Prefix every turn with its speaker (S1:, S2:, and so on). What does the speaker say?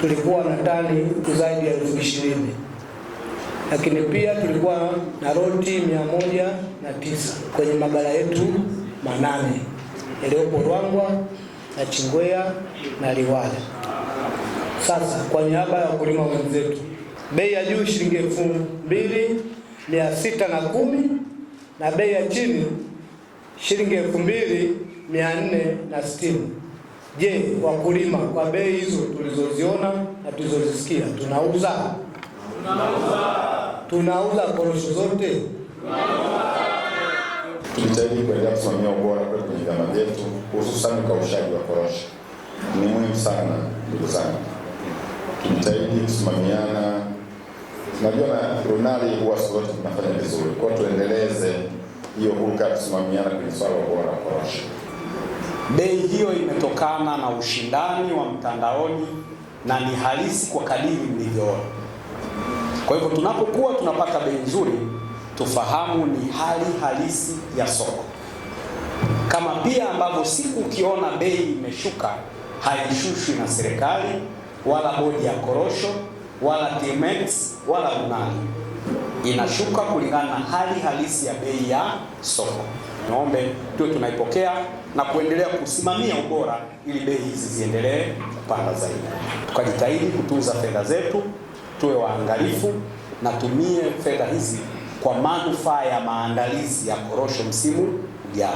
S1: tulikuwa na tani zaidi ya elfu ishirini lakini pia tulikuwa na roti mia moja na tisa kwenye magala yetu manane yaliyopo Ruangwa na Chingwea na Liwale. Sasa kwa niaba ya wakulima wenzetu, bei ya juu shilingi elfu mbili mia sita na kumi na bei ya chini shilingi elfu mbili mia nne na sitini. Je, wakulima kwa bei hizo tulizoziona na tulizozisikia tunauza?
S2: Tunauza.
S1: Tunauza korosho zote?
S3: Tujitahidi kuendelea kusimamia ubora kwetu kwenye vyama vyetu, hususan ukaushaji wa korosho ni muhimu sana, ndugu zangu. Tujitahidi kusimamiana, najua na runali huwa siku tunafanya vizuri kwao, tuendeleze hiyo hulka ya kusimamiana kwenye swala ubora wa korosho.
S1: Bei hiyo imetokana na ushindani wa mtandaoni na ni halisi kwa kadiri mlivyoona. Kwa hivyo tunapokuwa tunapata bei nzuri, tufahamu ni hali halisi ya soko, kama pia ambavyo siku ukiona bei imeshuka haishushwi na serikali wala bodi ya korosho wala TMX wala runali, inashuka kulingana na hali halisi ya bei ya soko. Niombe tuwe tunaipokea na kuendelea kusimamia ubora ili bei hizi ziendelee kupanda zaidi. Tukajitahidi kutunza fedha zetu, tuwe waangalifu na tumie fedha hizi kwa manufaa ya maandalizi ya korosho msimu ujao.